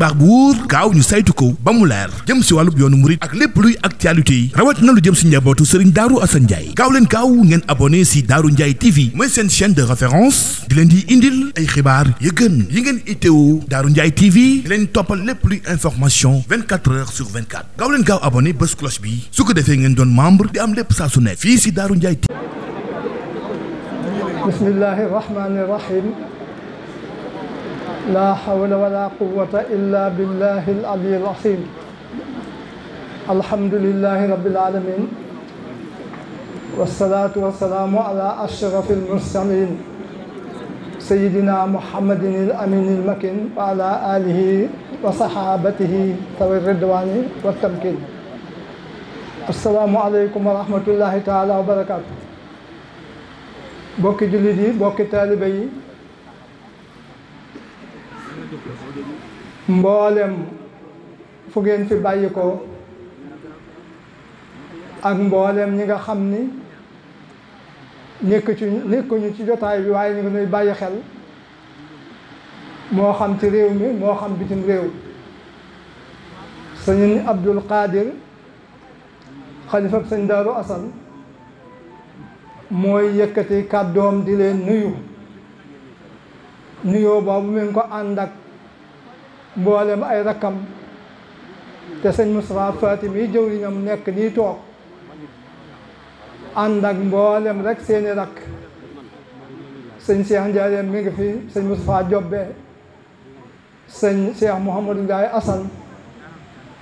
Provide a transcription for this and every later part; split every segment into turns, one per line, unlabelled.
xibaar bu wóor gaaw ñu saytu ko ba mu leer jëm si wàllub yoonu murit ak lépp luy actualité yi rawat na lu jëm si njabootu sëriñ Daaru Asan Njaay gaaw leen gaaw ngeen abonné si Daaru Njaay TV mooy seen chaîne de référence di leen di indil ay xibaar yu yi ngeen itteewu Daaru Njaay TV di leen toppal lépp luy information 24 heures sur 24 gaaw leen gaaw abonné bés cloche bi su ko defee ngeen doon membre di am lépp saa su ne fii si Daaru Njaay TV لا حول ولا قوة إلا بالله العلي العظيم الحمد لله رب العالمين والصلاة والسلام على أشرف المرسلين سيدنا محمد الأمين المكين وعلى آله وصحابته ذوي الرضوان والتمكين السلام عليكم ورحمة الله تعالى وبركاته بوكي جلدي بوكي طالبي mboolem fu ngeen fi bàyyi ko ak mboolem ñi nga xam ni nekk ci nekkuñu ci jotaay bi waaye ñu ngi nuy bàyyi xel moo xam ci réew mi moo xam bitim réew sëñ Abdul Qadir xalifab sëñ Daaru Asan mooy yëkkati kàddoom di leen nuyu nuyoo boobu mi ngi ko ànd ak mboolem ay rakkam te sëñ Moustapha Fatim yi jëwriñam nekk nii toog ànd ak mboolem rek seeni rakk sëñ Cheikh Ndiarème mi ngi fi sëñ Moustapha Jobbe sëñ Cheikh Mouhamadou Ndiaye Assane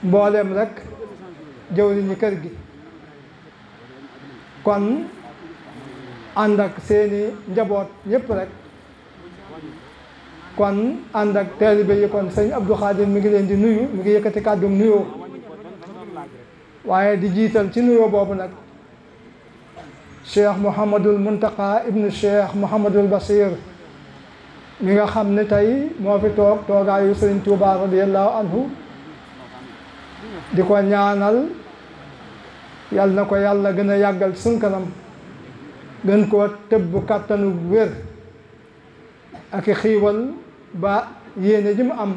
mboolem rek jëwriñu kër gi kon ànd ak seeni njaboot yëpp rek kon ànd ak taalibe yi kon sëñ Abdou Khadir mi ngi leen di nuyu mi ngi yëkkati kàddum nuyoo waaye di jiital ci nuyoo boobu nag cheikh Mouhamadul Muntaqa ibnu cheikh Mouhamadul Basir mi nga xam ni tey moo fi toog toogaayu sëriñ Touba radiyallahu anhu di ko ñaanal yal na ko yàlla gën a yàggal suñ kanam gën koo tëbb kàttanu wér ak i xiiwal ba yéene ji mu am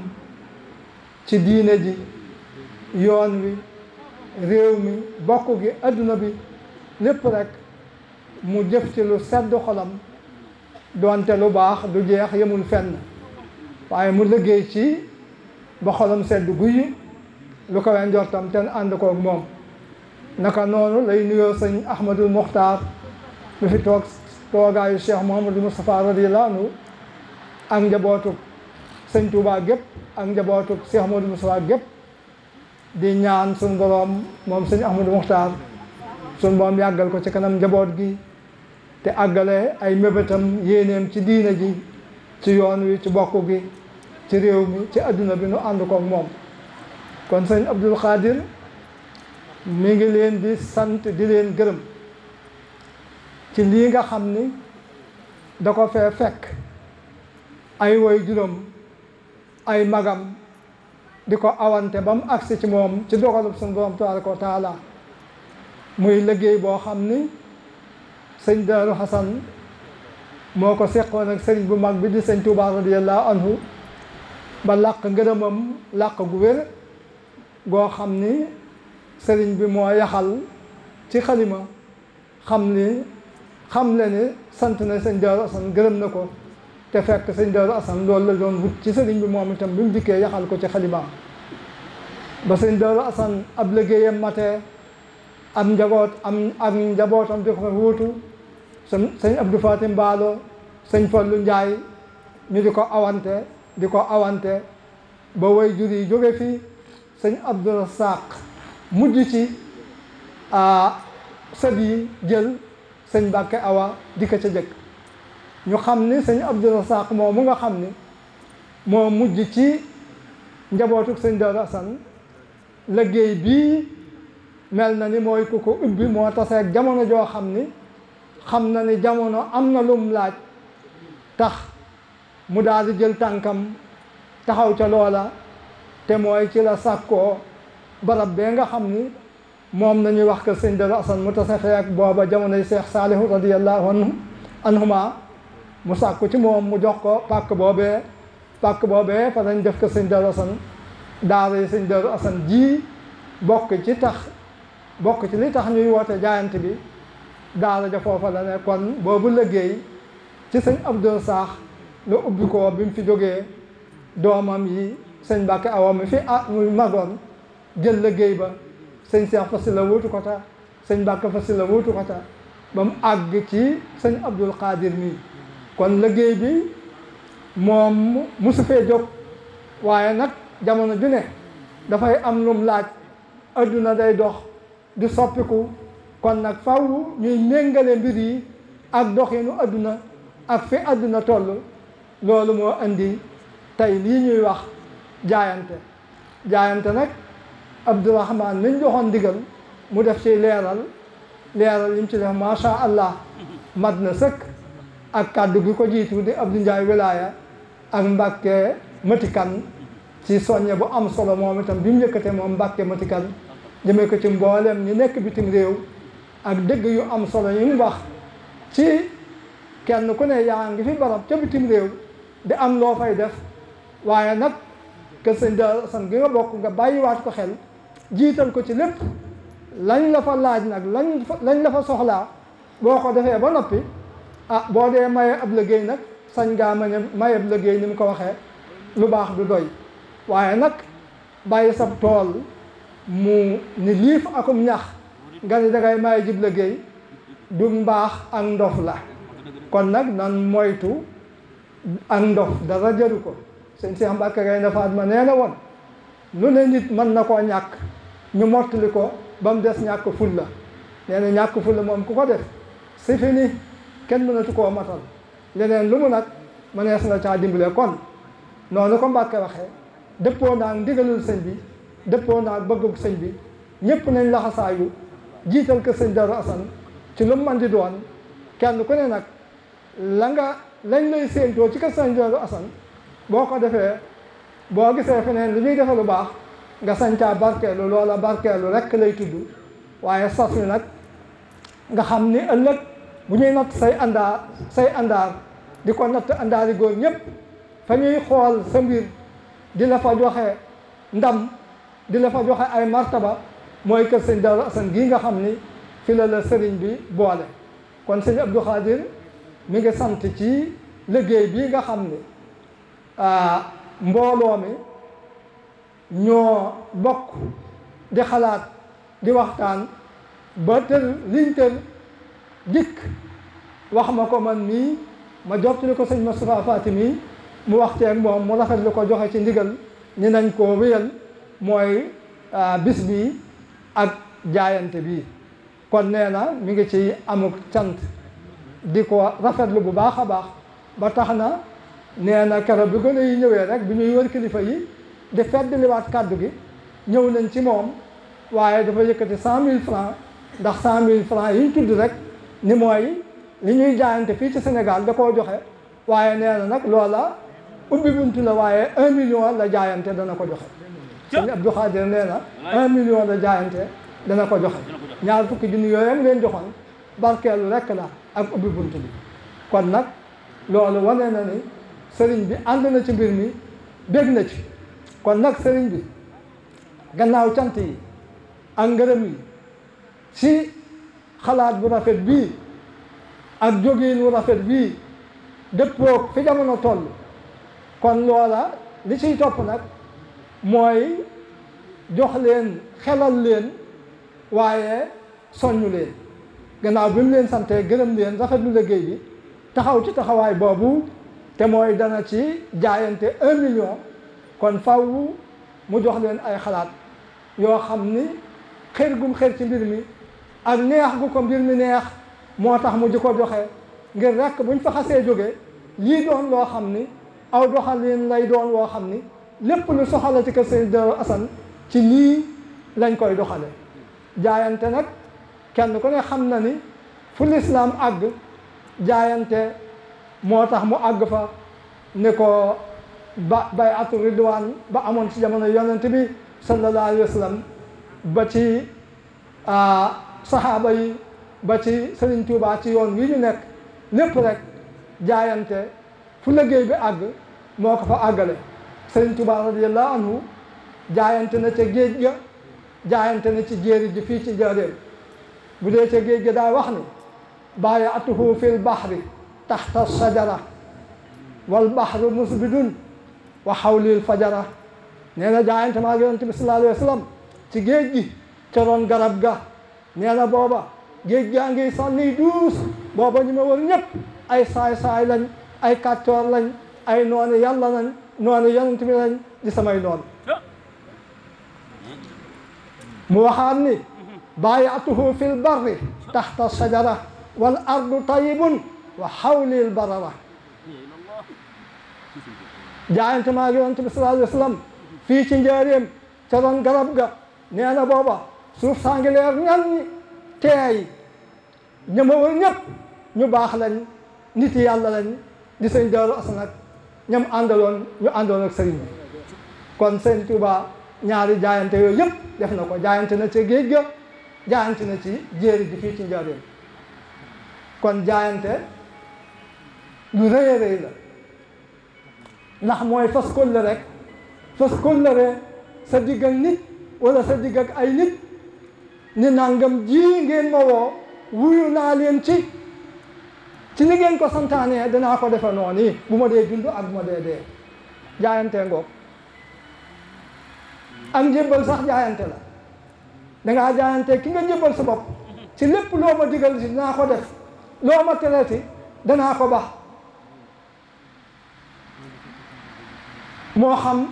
ci diine ji yoon wi réew mi bokk gi adduna bi lépp rekk mu jëf lu sedd xolam doonte lu baax du jeex yemul fenn waaye mu liggéey ci ba xolam sedd guyi lu ko wen njortam ten ànd koog moom naka noonu lay nuyoo sëñ Ahmadul Muxtaar lu fi toog toogaayu Cheikh Mouhamadou Moustapha radiyallahu anhu ak njabootuk sëñ Touba gépp ak njabootuk Cheikh Ahmadou Moustapha gépp di ñaan suñ boroom moom sëñ Ahmadou Muxtaar suñ boroom yàggal ko ci kanam njaboot gi te àggale ay mébétam yéeneem ci diina ji ci yoon wi ci bokk gi ci réew mi ci adduna bi nu ànd koog moom kon sëñ Abdul Xaadir mi ngi leen di sant di leen gërëm ci lii nga xam ni da ko fee fekk ay woy juróom ay magam di ko awante ba mu agsi ci moom ci dogalub suñu borom tabaraka wa taala muy liggéey boo xam ni sëñ Daaru Xasan moo ko seqoon nag sëriñ bu mag bi di sëñ Tuubaa radiyallahu anhu ba làq ngërëmam làq gu wér goo xam ni sëriñ bi moo yaxal ci xalima xam ni xam le ni sant na sëñ Daaru Xasan gërëm na ko te fekk sëñ Daaru Asan loolu la doon wut ci sëriñ bi moom itam bi mu dikkee yaxal ko ci xalimaam ba sëñ Daaru Asan ab liggéeyam matee am njaboot am ak njabootam di ko wuutu sëñ Abdou Faati Mbaalo sëñ Fallu Njaay ñu di ko awante di ko awante ba way jur yi jóge fii sëñ Abdou Rasaaq mujj ci ah, sët yi jël sëñ Mbàkke Awa di ko jëkk ñu xam ni sëñ Abdou Rassaq moo mu nga xam ni moo mujj ci njabootuk sëñ Daaru Asan liggéey bii mel na ni mooy ku ko ubbi moo taseeg jamono joo xam ni xam na ni jamono am na lum laaj tax mu daal jël tànkam taxaw ca loola te mooy ci la sàkkoo barab bee nga xam ni moom ñuy wax kër sëñ Daaru Asan mu tase feek booba jamonoy Seex Saalihu radiyallahu anhu anhuma mu sàkku ci moom mu jox ko pàkk boobee pàkk boobee fa lañ def ko sëñ Darou Assane daara yi sëñ Darou Assane ji bokk ci tax bokk ci li tax ñuy woote jaayante bi daara ja foofa la ne kon boobu liggéey ci sëñ Abdou Saax la ubbi ko bi fi jógee doomam yi sëñ Mbàkke Awa mi fi ah muy magoon jël liggéey ba sëñ Seex fa si la wuutu ko ta sëñ Mbàkke fa si la wuutu ko ta ba mu ci sëñ Abdul Xaadir mi kon liggéey bi moom mosu fee jóg waaye nag jamono ju ne dafay am lum laaj adduna day dox di soppiku kon nag faw ñuy méngale mbir yi ak doxinu adduna ak fi adduna toll loolu moo indi tey lii ñuy wax jaayante jaayante nag Abdourahman mi ñu joxoon ndigal mu def ci leeral leeral li mu ci def macha allah mat na sëkk ak kàddu gi ko jiitu di Abdou Ndiaye Wilaya ak Mbacke Matikan ci soññe bu am solo moom itam bi mu yëkkatee moom mbakke Matikan jëmee ko ci mboolem ñu nekk bitim réew ak dëgg yu am solo yi mu ci kenn ku ne yaa ngi fi barab ca bitim réew di am loo fay def waaye nag kër sëñ gi nga bokk nga bàyyiwaat ko xel jiital ko ci lépp lañ la fa laaj nag lañ lañ la fa soxlaa boo ko defee ba noppi ah boo dee maye ab liggéey nag sañ ngaa mañe maye ab liggéey ni mu ko waxee lu baax du doy waaye nag bàyyi sab tool mu ni liif akum ñax nga ni dangay maye jib liggéey du mbaax ak ndof la kon nag nan moytu ak ndof dara jëru ko sëñ Seex Mbàkke Gaynde Fatma nee na woon lu ne nit mën na koo ñàkk ñu mottili ko ba mu des ñàkk fulla nee ñàkk fulla moom ku ko def si fini kenn mënatu koo matal leneen lu mu nag mënees na caa dimbale kon noonu ko Mbàkke waxee dëppoo naag ndigalul sëñ bi dëppoo naa bëggug sëñ bi ñëpp nañ laxasaayu jiital ko sëñ Darou Assane ci lu mu mën di doon kenn ku ne nag la nga lañ lay séentoo ci ko sëñ asan boo ko defee boo gisee feneen lu ñuy defe lu baax nga sañcaa barkeelu loola barkeelu rekk lay tudd waaye sas wi nag nga xam ni ëllëg bu ñuy nott say àndaar say àndaar di ko natt àndaari góor ñëpp fa ñuy xool sa mbir di la fa joxe ndam di la fa joxe ay martaba mooy kër sëñ Daaru Asan gii nga xam ni fi la sëriñ bi boole kon sëñ Abdou Khadir mi ngi sant ci liggéey bii nga xam ni mbooloo mi ñoo bokk di xalaat di waxtaan ba tër liñ tër dikk wax ma ko man mii ma jottali ko sëñ Moustapha Faati mii mu waxtee ak moom mu rafet lu ko joxe ci ndigal ñu nañ koo wéyal mooy ah, bis bi ak jaayante bi kon nee na mi ngi ci amuk cant di ko rafet rafetlu bu baax a baax ba tax na nee na keroog bi gën a ñëwee rek bi ñuy wër kilifa yi di feddliwaat kàddu gi ñëw nañ ci moom waaye dafa yëkkati cent mille francs ndax cent mille francs yi ñu tudd rek ni mooy li ñuy jaayante fii ci senegal da koo joxe waaye nee na nag loola ubbi buntu la waaye un million la jaayante dana ko joxe sëñ na un million jaayante dana ko joxe ñaar fukki junni yooyu leen joxoon barkeelu rekk la ak ubbi bunt bi kon nag loolu wane na ni sëriñ bi ànd na ci mbir mi bég na ci kon nag sëriñ bi gannaaw cant yi ak yi si xalaat bu rafet bii ak jógiin rafet bii dëppoo fi jamono toll kon loola li ciy topp nag mooy jox leen xelal leen waaye soññu leen gannaaw bi mu leen santee gërëm leen rafet rafetlu liggéey bi taxaw ci taxawaay boobu te mooy dana ci jaayante un million kon faw mu jox leen ay xalaat yoo xam ni xër gum xër ci mbir mi ak neex gu ko mbir mi neex moo tax mu di ko joxe ngir rekk buñ fa xasee jóge lii doon loo xam ni aw doxalin lay doon woo xam ni lépp lu soxala ci kër sëñ Darou Assane ci lii lañ koy doxale jaayante nag kenn ko ne xam na ni fu lislaam àgg jaayante moo tax mu àgg fa ni ko ba bay ridwaan ba amoon ci jamono yonent bi sallallahu alayhi ba ci ah, saxaaba ba ci Sëriñ ci yoon wi ñu nekk lépp rek jaayante fu liggéey bi àgg moo ko fa àggale Sëriñ Tuubaa radiyallahu anhu jaayante na ca géej ga jaayante na ci jéeri ji fii ci jaréel bu dee ca géej ga daa wax ni baayatuhu fil bahri taxta sajara wal bahru musbidun wa xawlil fajara nee na jaayante maa yonent bi sallallahu alayhi wa sallam ci géej gi ca garab ga nee na booba géej gaa ngi sànni duus booba ñu ma wër ay saay-saay lañ ay kàccoor lañ ay noonu yàlla lañ noonu yonent bi lañ di samay noonu mu waxaat ni baayatuhu fil barri taxta sajara wal ardu tayibun wa xawlil barara jaayante maa yonent bi sallallahu alayhi wa sallam fii ci njaaréem ca booba suuf saa ngi leer ñan teey ñama wër ñëpp ñu baax lañ nit yi yàlla lañ di sëñ Daaru Asan ak ñam àndaloon ñu àndaloon ak sëriñ kon sëñ Tuuba ñaari jaayante yoo yëpp def na ko jaayante na ci géej ga jaayante na ci jéeri ji fii ci njaareem kon jaayante lu rëy a la ndax mooy fas kóllëre rek fas kóllëre sa digg ak nit wala sa digg ay nit ne nangam ji ngeen ma woo wuyu naa leen ci ci ni ko santaanee danaa ko defe noonu bu ma dee dund ak bu ma dee dee jaayantee ngoog am njébbal sax jaayante la dangaa jaayante ki nga njébbal sa bopp ci lépp loo ma digal ci danaa ko def loo ma tereti danaa ko baax moo xam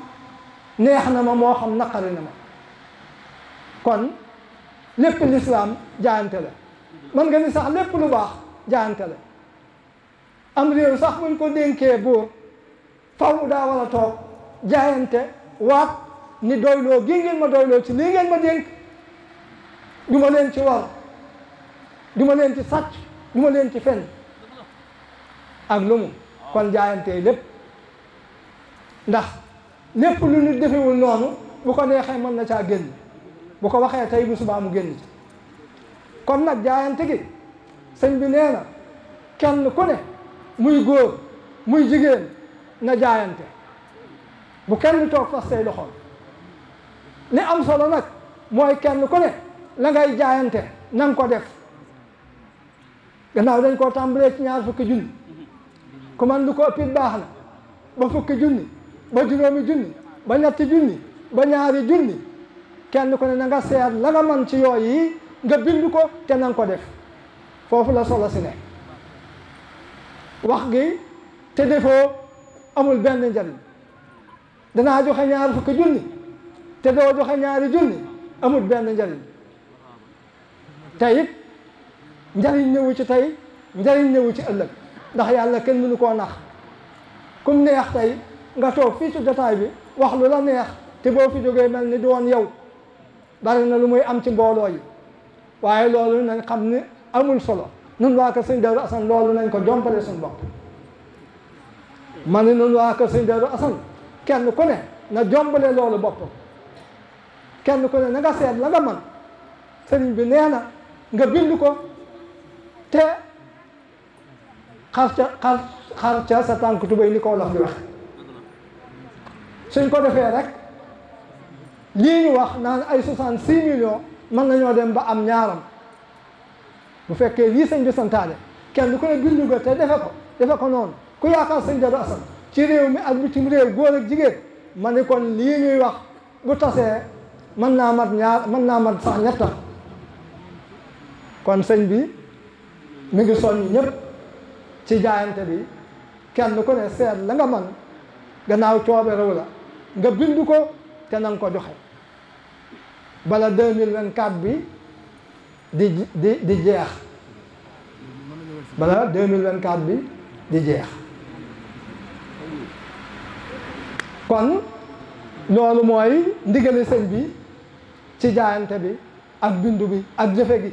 neex na ma moo xam naqari na ma kon lépp lislaam jaayante la mën nga ni sax lépp lu baax jaayante la am réew sax buñ ko dénkee buur faw daa war a toog jaayante waat ni doyloo gi ngeen ma doyloo ci lii ngeen ma dénk du leen ci war du ma leen ci sàcc du ma leen ci fen ak lu kon jaayante lépp ndax lépp lu ñu defewul noonu bu ko neexee mën na caa génn bu ko waxee tey bu subaa mu génn kon nag jaayante gi sëñ bi nee na kenn ku ne muy góor muy jigéen na jaayante bu kenn toog fas say loxoom li am solo nag mooy kenn ku ne la ngay jaayante ko def gannaaw dañ koo tàmbalee ci ñaar fukki junni ku man lu ko ëppit baax na ba fukki junni ba juróomi junni ba ñetti junni ba ñaari junni kenn ku ne na nga seet la nga mën ci yooyu nga bind ko te na nga ko def foofu la solo si ne wax gi te defoo amul benn njariñ danaa joxe ñaar fukki junni te doo joxe ñaari junni amul benn njariñ te njariñ ñëwu ci tey njariñ ñëwu ci ëllëg ndax yàlla kenn nu ko nax kum neex tey nga toog fii ci jotaay bi wax lu la neex te boo fi jógee mel ni doon yow bari na lu muy am ci mbooloo yi waaye loolu nañ xam ne amul solo nun waa kër sëñ Daaru Asan loolu nañ ko jompale suñ bopp ma ne nun waa kër sëñ Daaru Asan kenn ku ne na jombale loolu bopp kenn ku ne na nga seet la nga man sëriñ bi nee na nga bind ko te xar ca xar xar ca sa tànk tubéy ni ko la fi wax suñ ko defee rek lii ñu wax naan ay 66 millions mën nañoo dem ba am ñaaram bu fekkee lii sëñ bi santaane kenn ku ne bind ko te defe ko defe ko noonu ku yaakaar sëñ Darou Assane ci réew mi ak bitim réew góor ak jigéen ma ne kon lii ñuy wax bu tasee mën naa mat ñaar mën sax ñetta kon sëñ bi mi ngi soññ ñëpp ci jaayante bi kenn ku ne seet la nga man gannaaw coobe réew la nga te na nga ko joxe bala 2024 bi di di di jeex bala 2024 bi di jeex kon loolu mooy ndigali sëñ bi ci jaayante bi ak bindu bi ak jëfe gi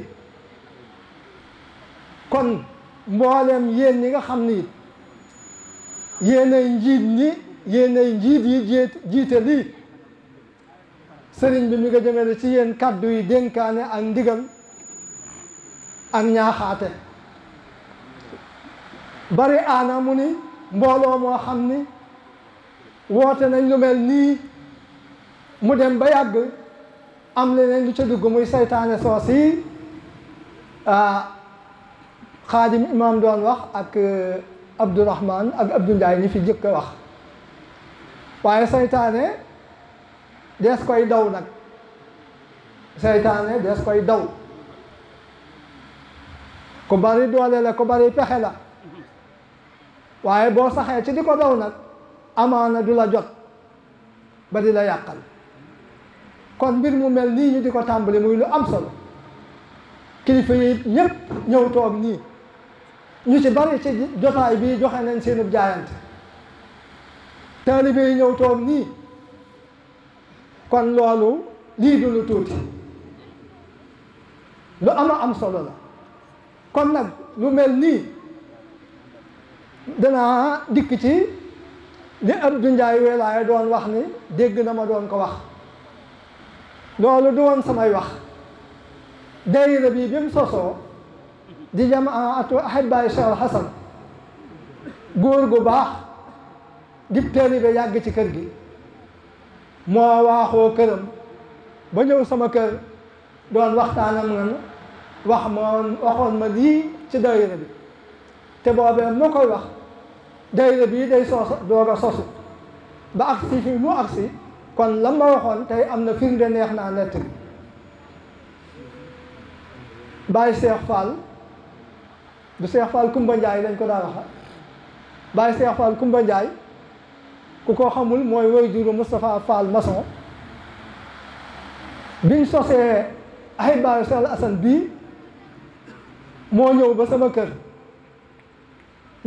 kon mboolem yéen ñi nga xam ni it yéenay njiit ñi yéenay njiit yi jiite lii sëriñ bi mi nga jëmale ci yéen kàddu yi dénkaane ak ndigal ak ñaaxaate bari aana mu ni mbooloo moo xam ni woote nañ lu mel nii mu dem ba yàgg am leneen lu ca dugg muy saytaane soos yi xaadim imaam doon wax ak e, abdourahman ak abdou ndiaye ñi fi jëkk a wax waaye saytaane dees koy daw nag seytaane dees koy daw ku bari doole la ku bari pexe la waaye boo saxee ci di ko daw nag amaana du la jot ba di la yàqal kon mbir mu mel nii ñu di ko tàmbali muy lu am solo kilifa yi ñëpp ñëw toog nii ñu ci bari ci jotaay bi joxe nañ seenub jaayante taalibe ñëw toog nii kon loolu lii du lu tuuti lu ama am solo la kon nag lu mel nii dana dikk ci li Abdou Ndiaye Welaay doon wax ni dégg na ma doon ko wax loolu du woon samay wax dayira bi bi mu sosoo di jamaatu ahibaay Cheikh Al Hasan góor gu baax dib teeli ba yàgg ci kër gi moo waaxoo këram ba ñëw sama kër doon waxtaanam man wax moon waxoon ma lii ci dayra bi te boobee moo koy wax dayra bii day soos door sosu ba agsi fi mu agsi kon la ma waxoon tey am na firnde neex naa nett bi Baye Cheikh Fall du Cheikh Fall Kumba njaay lañ ko daa waxa Baye Cheikh Fall Kumba Ndiaye ku ko xamul mooy woy juru Moustapha Fall maçon biñ sosee Ahibahil Cheikh Al bii moo ñëw ba sama kër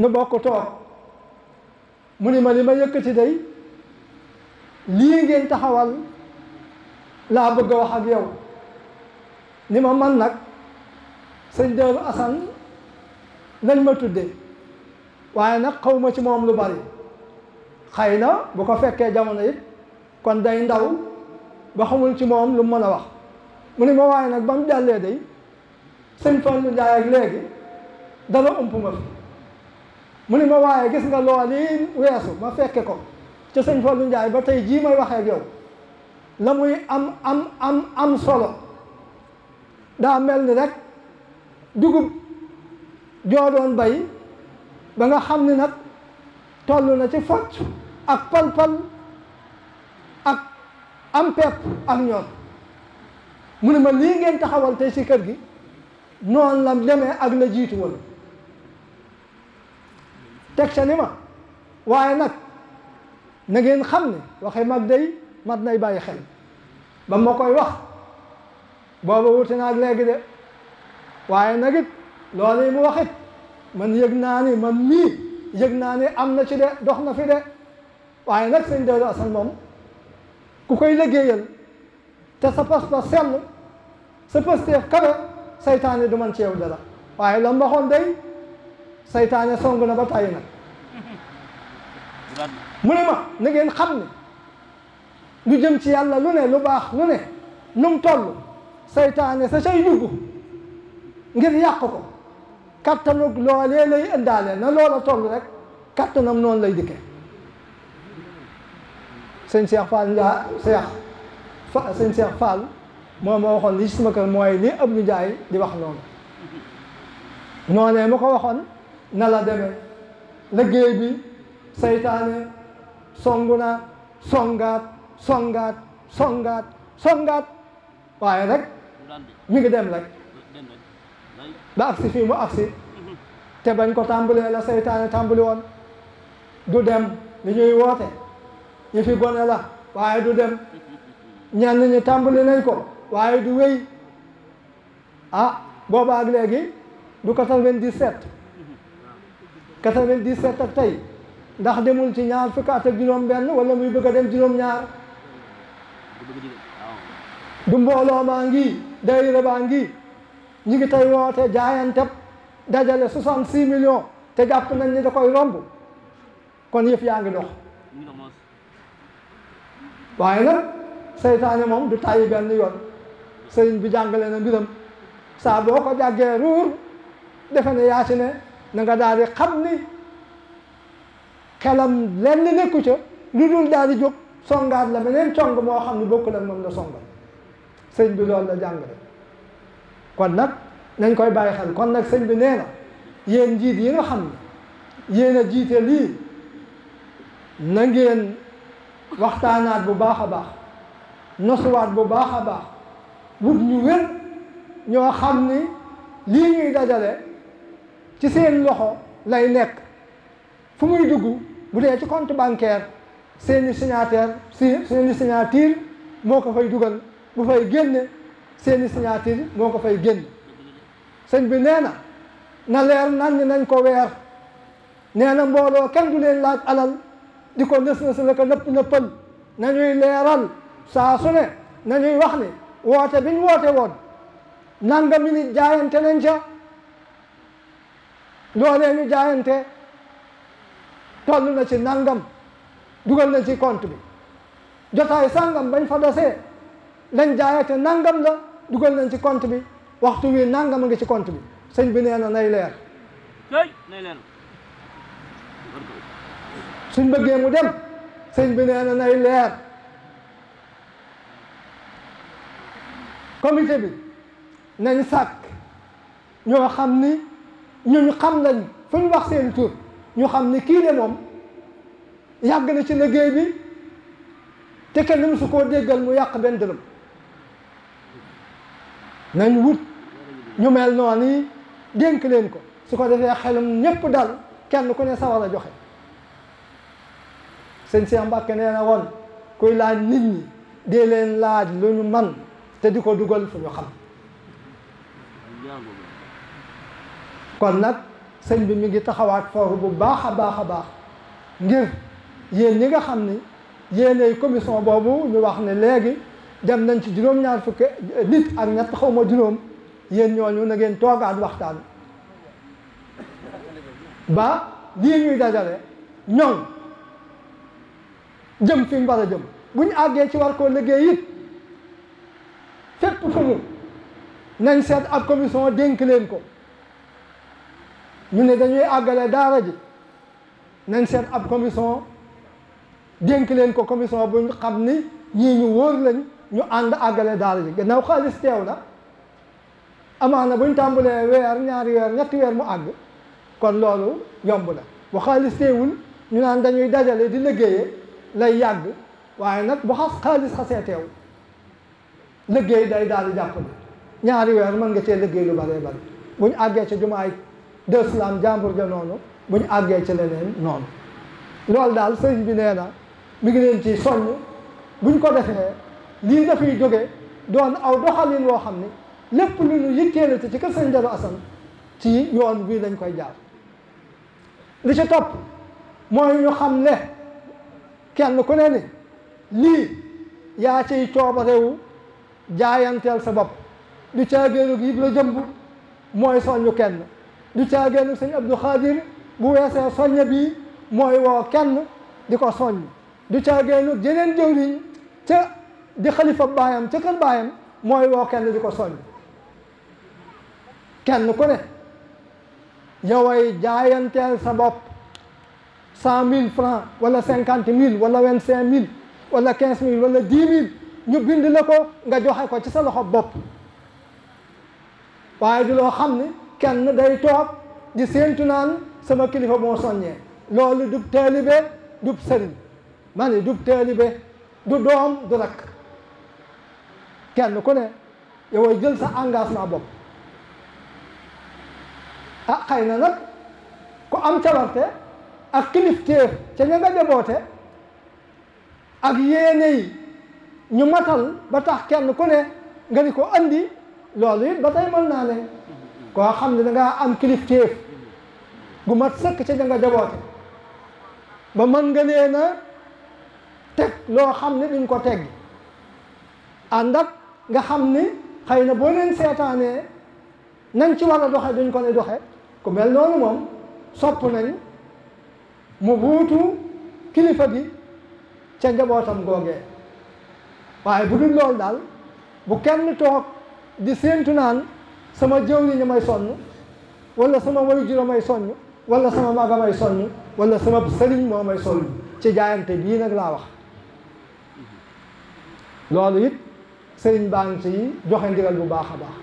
ñu bokk toog mu ni ma li ma yëkkati day lii ngeen taxawal laa bëgg wax ak yow ni ma man nag sëñ Daaru Assane lañ ma tuddee waaye nag xaw ma ci moom lu bari xëy na bu ko fekkee jamono it kon day ndaw ba xamul ci moom lu mën a wax mu ne ma waaye nag ba mu jàllee day sëñ Fallu Njaay ak léegi dala ëmp ma fi mu ne ma waaye gis nga lool yi weesu ma fekke ko ci sëñ Fallu Njaay ba tey jii may waxee ak yow la muy am am am am solo daa mel ni rek dugub joo doon bay ba nga xam ni nag toll na ci focc ak palpal ak am pepp ak ñoom mu ne ma lii ngeen taxawal tey si kër gi noonu la demee ak la jiitu woon teg sa ni ma waaye nag na ngeen xam ne waxe mag day mat nay bàyyi xel ba ma koy wax booba wuti naa ak de waaye nag it loolu man yëg naa ni man mii yëg naa ni am na ci de dox na fi de waaye nag sëñ Daaru Asan moom ku koy liggéeyal te sa pas-pas sell sa pasteef kawe saytaane du man ci waaye la mbaxoon day saytaane song na ba tàyyi nag mu ne ma na ngeen xam ne lu jëm ci yàlla lu ne lu baax lu ne nu mu toll sa cay dugg ngir yàq ko kattanu loolee lay indaale na loola toll rek kattanam noonu lay dikkee sëñ Cheikh Fall Ndiaye Cheikh Fa sëñ Cheikh Fall moom moo waxoon li ci sama li Abdou Ndiaye di wax noonu noonee ma ko waxoon na la demee liggéey bi saytaane songu na songaat songaat waaye rek mi ngi dem rek ba agsi fii mu agsi te bañ ko tàmbalee la saytaane tàmbali du dem li ñuy woote ñu fi gone la waaye du dem ñenn ñi tàmbali nañ ko waaye du wéy ah booba ak léegi du 97 97 ak tey ndax demul ci ñaar fukk at juróom benn wala muy bëgg dem juróom ñaar du mbooloo maa ngi dayira baa ngi ñi ngi tey woote jaayanteb dajale 66 million te jàpp nañ ni da koy romb kon yëf yaa ngi dox waaye nag seytaane moom du tàyyi benn yoon sëriñ bu jàngale na mbiram saa boo ko jàggee ruur defe ne yaa ci ne na nga daal di xam ni xelam lenn nekku ca dul daal di jóg songaat la beneen cong moo xam ne bokkul ak moom la songal sëñ bi loolu la jàngale kon nag nañ koy bàyyi xel kon nag sëñ bi nee na yéen njiit yi nga xam ne yéen a jiite lii na waxtaanaat bu baax a baax nosuwaat bu baax a baax wut ñu wér ñoo xam ni lii ñuy dajale ci seen loxo lay nekk fu muy dugg bu dee ci compte bancaire seeni si seeni signature moo ko fay dugal bu fay génne seeni signature moo ko fay génn sëñ bi nee na na leer nan ni nañ ko weer nee na mbooloo kenn du leen laaj alal di ko nës nës la ko nëpp nëppal nañuy leeral saa su ne nañuy wax ne woote biñ woote woon nanga mi nit jaayante nañ ca loolee ñu jaayante toll na ci nangam dugal na ci compte bi jotaay sangam bañ fa dosee nan jaayante nangam la dugal nañ ci compte bi waxtu wi nangam a ngi ci compte bi sëñ bi nee na leer sebagian mo dam sen binana na ilah comité bi nañ sàkk ñoo xam ni ñuñu xam nañ fu ñu wax seen tur ñu xam ni kii de moom na ci liggéey bi te kenn su koo déggal mu yàq benn dërëm nañ wut ñu mel noonu dénk leen ko su ko defee xelum ñépp dal kenn ku ne sawar joxe sëñ Cheikh Mbacke nee na woon kuy laaj nit ñi dee leen laaj lu ñu man te di ko dugal fu ñu xam kon nag sëñ bi mu ngi taxawaat foofu bu baax a baax a baax ngir yéen ñi nga xam ni yéenay commission boobu ñu wax ne léegi dem nañ ci juróom-ñaar fukki nit ak ñett xaw ma juróom yéen ñooñu na ngeen toogaat waxtaan ba lii ñuy dajale ñoom jëm fi mu war a jëm bu ñu àggee ci war ko liggéey it fépp fu mu nañ seet ab commission dénk leen ko ñu ne dañuy àggale daara ji nañ set ab commission dénk leen ko commission bu ñu xam ni ñii ñu wóor lañ ñu ànd àggale daara ji gannaaw xaalis teew na bu buñ tàmbalee weer ñaari weer ñetti weer mu àgg kon loolu yomb na bu xaalis teewul ñu naan dañuy dajale di liggéeyee lay yàgg waaye nag bu xas xaalis xasee teew liggéey day daal di jàpp ñaari weer mën nga cee liggéey lu bëree bëri bu ñu àggee ci jumaay dëslaam jàmbur ja noonu bu ñu àggee ci leneen noonu loolu daal sëriñ bi nee na mi ngi leen ci soññ buñ ko defee lii dafay jóge doon aw doxalin woo xam ni lépp lu ñu yitteelu ci kër sëriñ Daaru Asan ci yoon bii lañ koy jaar li ci topp mooy ñu xam ne kenn ku ne ni lii yaa ciy coobarewu jaayanteel sa bopp du caagéenug yib la jëmb mooy soññu kenn du caagéenug sëñ Abdou bu weesee soññe bii mooy woo kenn di ko soññ du caagéenug jeneen jëwriñ ca di xalifa baayam ca kër baayam mooy woo kenn di ko soññ kenn ku ne yoway jaayanteel sa bopp cent mille francs wala cinquante mille wala vingt cinq mille wala quinze mille wala dix ñu bind la ko nga joxe ko ci sa loxo bopp waaye di loo xam ni kenn day toog di séentu naan sama kilifa moo soññee loolu du taalibe du sëriñ ma ne taalibe du doom du rakk kenn ku ne yow jël sa engagement bopp ah xëy na nag ku am calarte ak kilifteef ca ña nga jaboote ak yéene yi ñu matal ba tax kenn ku ne nga di ko andi loolu it ba tey mën naa ne koo xam ne da ngaa am kilifteef gu mat sëkk ca ña nga jaboote ba mën nga leen a teg loo xam ne duñ ko teggi ànd ak nga xam ni xëy na boo leen seetaanee nañ ci war a doxe ko ne doxe ku mel noonu moom sopp nañ mu wuutu kilifa gi ca njabootam googee waaye bu dul loolu daal bu kenn toog di séentu naan sama jëw ni may sonn wala sama waajur may sonn wala sama maga may sonn wala sama sëriñ moo may sonn ci jaayante bii nag laa wax loolu it sëriñ baa ngi ci joxe ndigal bu baax a baax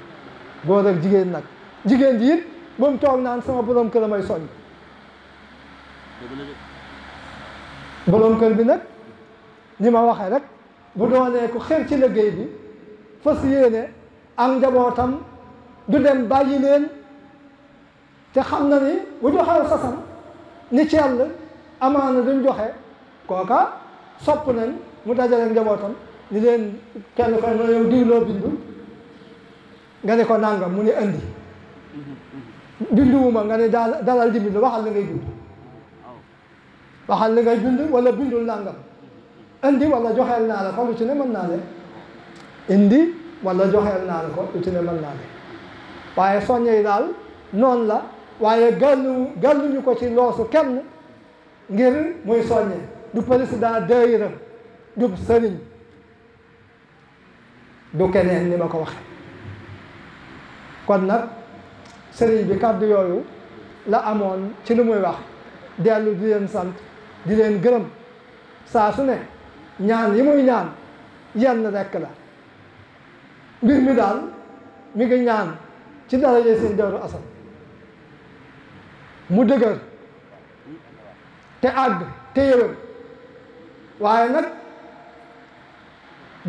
góor ak jigéen nag jigéen ji it moom toog naan sama borom kër a boroom kër bi nag ni ma waxee rek bu doonee ku xër ci liggéey bi fas yéene am njabootam du dem bàyyi leen te xam na ni bu joxee sasam ni cell amaana duñ joxe kooka sopp nañ mu dajale njabootam ni leen kenn ko ne yow diw nga ne ko nangam mu ne indi mm-hmm. binduwuma nga ne dalal dimbi lu waxal la ngay bindu waxal li ngay bind wala bindul nangam indi wala joxeel naa la ko lu ci ne mën naa indi walla joxeel naa la ko lu ci ne mën naa waaye soññe yi daal noon la waaye gàllu gàlluñu ko ci loosu kenn ngir muy soññe du président daayira du sëriñ du keneen ni ma ko waxe kon nag sëriñ bi kàddu yooyu la amoon ci lu muy wax dellu di leen sant di leen gërëm saa su ne ñaan yi muy ñaan yenn rekk la mbir mi daal mi ngi ñaan ci daraje seen dewru asal mu dëgër te àgg te yëwén waaye nag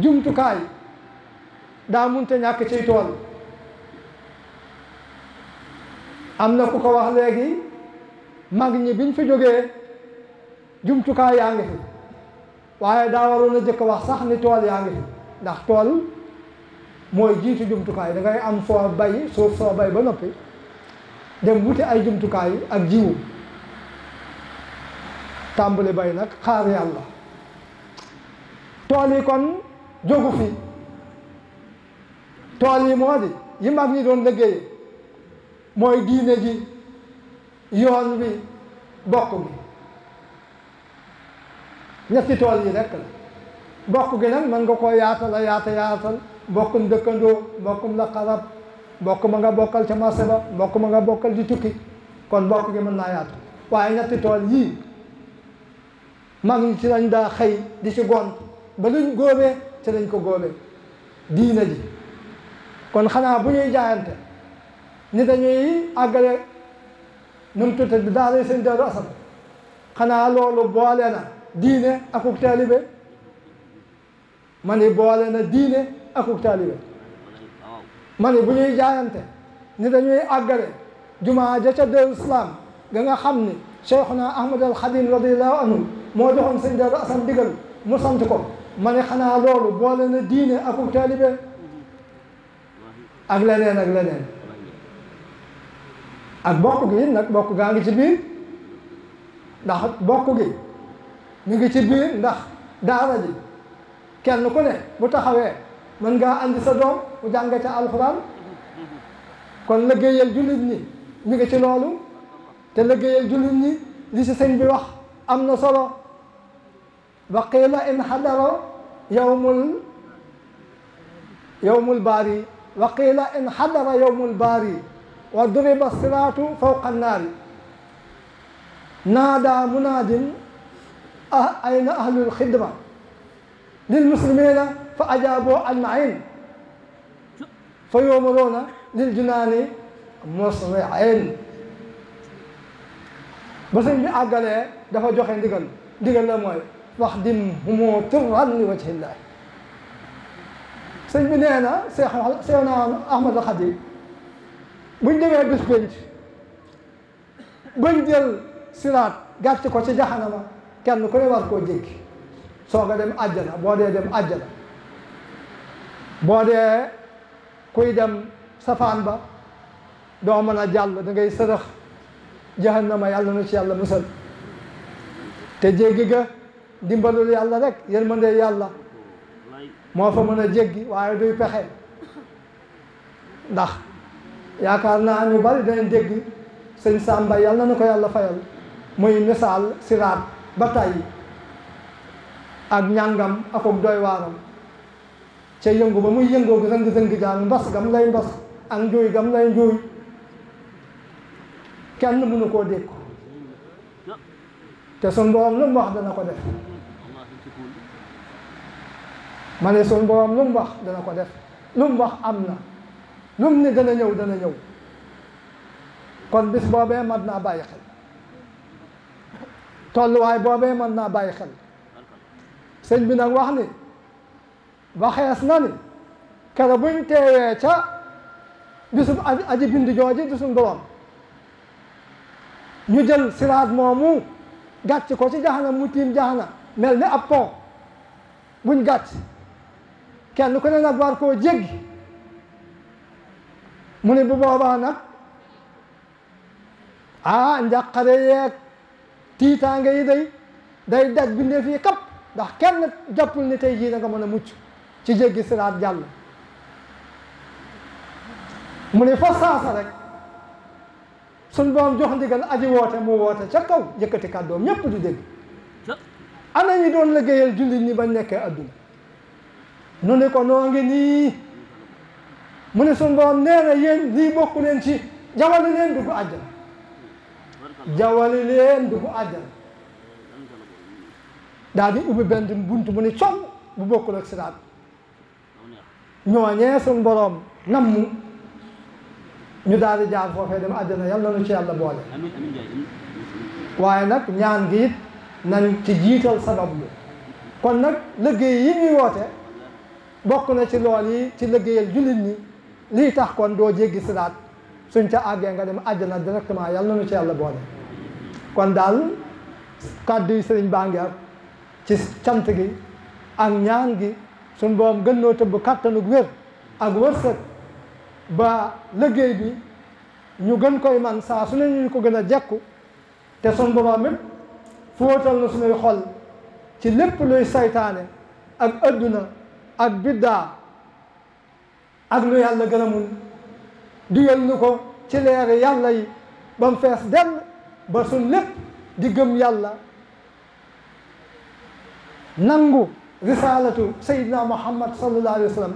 jumtukaay daa munte ñàkk ciy tool am na ku ko wax léegi mag ñi biñ fi jóge jumtukaay yaa ngi fi waaye daa waroon a jëkk wax sax ni tool yaa ngi fi ndax tool mooy jiitu jumtukaay da ngay am soo bay suuf soo bay ba noppi dem wuti ay jumtukaay ak jiwu tàmbali bay nag xaar yàlla tool yi kon jógu fi tool yi moo di yi mag ñi doon liggéey mooy diine ji yoon wi bokk bi ñetti tool yi rekk la bokk gi nag mën nga koo yaatal a yaata yaatal bokkum dëkkandoo bokkum la xarab bokk ma nga bokkal ca marché ba bokk ma nga bokkal di tukki kon bokk gi mën naa yaatu waaye ñetti tool yi mag ñi ci lañ daa xëy di ci gont ba luñ góobee ci lañ ko góobee diina ji kon xanaa bu ñuy jaayante ni dañuy àggale nu mu tudd daal seen deru asal xanaa loolu boole na diine akuk taalibe mani boole na diine akuk taalibe mani bu ñuy jaayante ni dañuy àggale jumaa ja ca Darou Salam ga nga xam ni Cheikhuna Ahmad al Khadim radiallahu moo joxoon sëñ Darou Assane digal mu ko ma ne xanaa loolu boole na diine akuk taalibe ak leneen ak leneen ak bokk gi nag ci biir ndax bokk gi mi ngi ci biir ndax daara ji kenn ku ne bu taxawee mën ngaa andi sa doom mu jànge ca alxuraan kon liggéeyal jullit ñi mi ngi ci loolu te liggéeyal jullit ñi li si sëñ bi wax am na solo wa qiila in xadaro yowmul yowmul baari wa qiila in xadara yowmul baari wa duriba siraatu fawqa annaari naadaa munaadin Ah, ayna ahlul xidma lil muslimina fa ajaabo ajmain fa yoomaroona lil junaani musriin ba sëñ bi àggalee dafa joxe ndigal ndigal la mooy wax dim humoo turran li wajhillah sëñ bi nee na Seex Seexna Ahmad Xaadim buñ demee bis pénc bañ jël siraat gàcce ko ci jahanama kenn ku ne war koo jéggi soo nga dem àjjana boo dee dem àjjana boo dee kuy dem safaan ba doo mën a jàll da ngay sërëx jahannama yàlla na ci yàlla musal te jéggi ga dimbalul yàlla rek yërmande yàlla moo fa mën a jéggi waaye duy pexe ndax yaakaar naa ñu bari danañ dégg sëñ Samba yàlla na ko yàlla fayal muy misaal siraat ba tàyyi ak ñàngam akook doy waaram ca yëngu ba muy yëngoo zëng-zëng jaan mbas gam lay bas ak njuuy gam lay njuuy kenn mënu koo dégg te sun borom lu mu dana ko def ma ne sun borom lu mu dana ko def lu mu wax am na lu mu ne dana ñëw dana ñëw kon bis boobee mat naa bàyyi tolluwaay boobee mën naa bàyyi xel sëñ bi nag wax ni waxees na ni kere buñ teewee ca bisub aji bind jooji di suñ borom ñu jël siraat moomu gàcc ko ci jaxanam mu tiim jaxanam mel ni ab pont buñ gàcc kenn ku ne nag war koo jéggi mu ne bu boobaa nag ah njàqare yeeg tiitaange yi day day daj bindee fii kap ndax kenn jappul ni tey jii da nga mën a mucc ci jéggi siraat jàll mu ne fa saasa rek suñ boom jox ndigal aji woote mu woote ca kaw yëkkati kàddoom ñépp di dégg ana ñi doon liggéeyal jullit ñi bañ nekkee adduna nu ni ko noo ngi nii mu ne suñ boom nee na yéen lii bokku ci jawal leen dugg àjjana jawali leen dugg àjjana daal di ubbi benn bunt bu ni coow bu bokkul ak siraat ñooñee suñ boroom namm ñu daal di jaar foofee dem àjjana yal nu ci yàlla boole waaye nag ñaan gi it ci jiital sabab kon nag liggéey yi ñuy woote bokk na ci lool ci liggéeyal jullit ñi lii tax kon doo jéggi siraat suñ ca àggee nga dem àjjana directement yàlla na nu ci yàlla boole kon daal kàddu yi sëriñ baa ngi ci cant gi ak ñaan gi suñ boom gën noo tëbb kàttanug wér ak wërsëg ba liggéey bi ñu gën koy man saa su ne ko gën a jekku te sun boobaa mépp fóotal na suñuy xol ci lépp luy saytaane ak adduna ak biddaa ak lu yàlla gën a mun duyal nu ko ci leer yàlla yi fees dell ba suñ lépp di gëm yàlla nangu risalatu sayidna muhammad sallallahu alayhi wa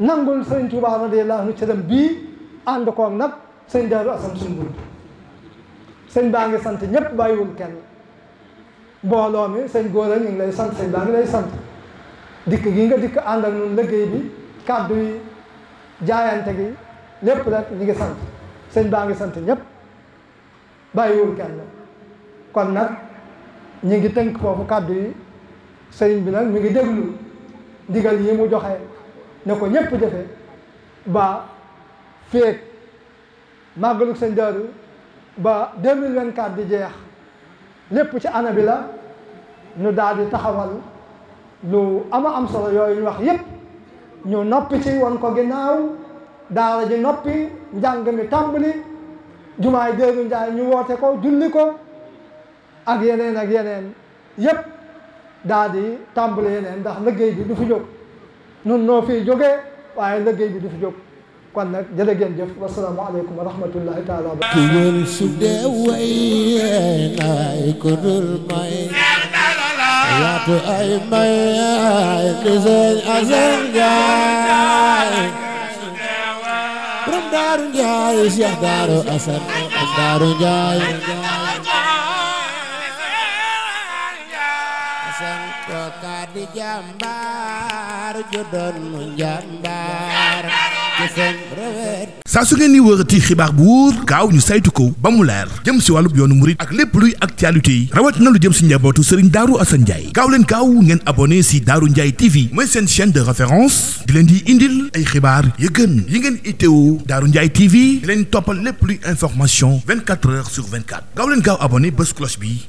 nangu nangul sëñ Tuubaa radiyallahu anhu cëram bii ànd koog nag sëñ Daaru Asan suñ bunt sëñ baa ngi sant ñëpp bàyyiwul kenn mbooloo mi sëñ góora ñu ngi lay sant sëñ baa dikk gi nga dikk ànd ak ñun liggéey bi kàddu yi jaayante gi ñëpp rek ñi ngi sant sëñ baa ngi sant ñëpp bàyyiwul kenn kon nag ñi ngi tënk foofu kàddu yi sëriñ bi nag mi ngi déglu ndigal yi mu joxe ne ko ñëpp defe ba féeg màggalug sëñ Daaru ba 2024 di jeex lépp ci ana bi la ñu daal di taxawal lu ama am solo yooyu ñu wax yëpp ñu noppi ci woon ko ginnaaw daara ji noppi njàng mi tàmbali jumaay déegu njaay ñu woote ko julli ko ak yeneen ak yeneen yépp daal di tàmbali yeneen ndax liggéey bi du fi jóg nun noo fiy jógee waaye liggéey bi du fi jóg kon nag jërë ngeen jëf wasalaamu aleykum wa rahmatullahi taala tuwal su dee way naay ko dul may yaatu ay may ay di sëñ asan am daaru njaay Cheikh daaru mu jàmbaar saa su ngeen ni wërati xibaar bu wóor gaaw ñu saytu ko ba mu laar jëm si wàllub yoonu murit ak lépp luy actualité yi rawat na lu jëm si njabootu sëriñ Daaru Asan Njaay gaaw leen gaaw ngeen abonné si Daaru Njaay TV mooy seen chaine de référence di leen di indil ay xibaar yu gën yi ngeen itteewu Daaru Njaay TV di leen toppal lépp luy information 24 heures sur 24 gaaw leen gaaw abonné bés cloche bi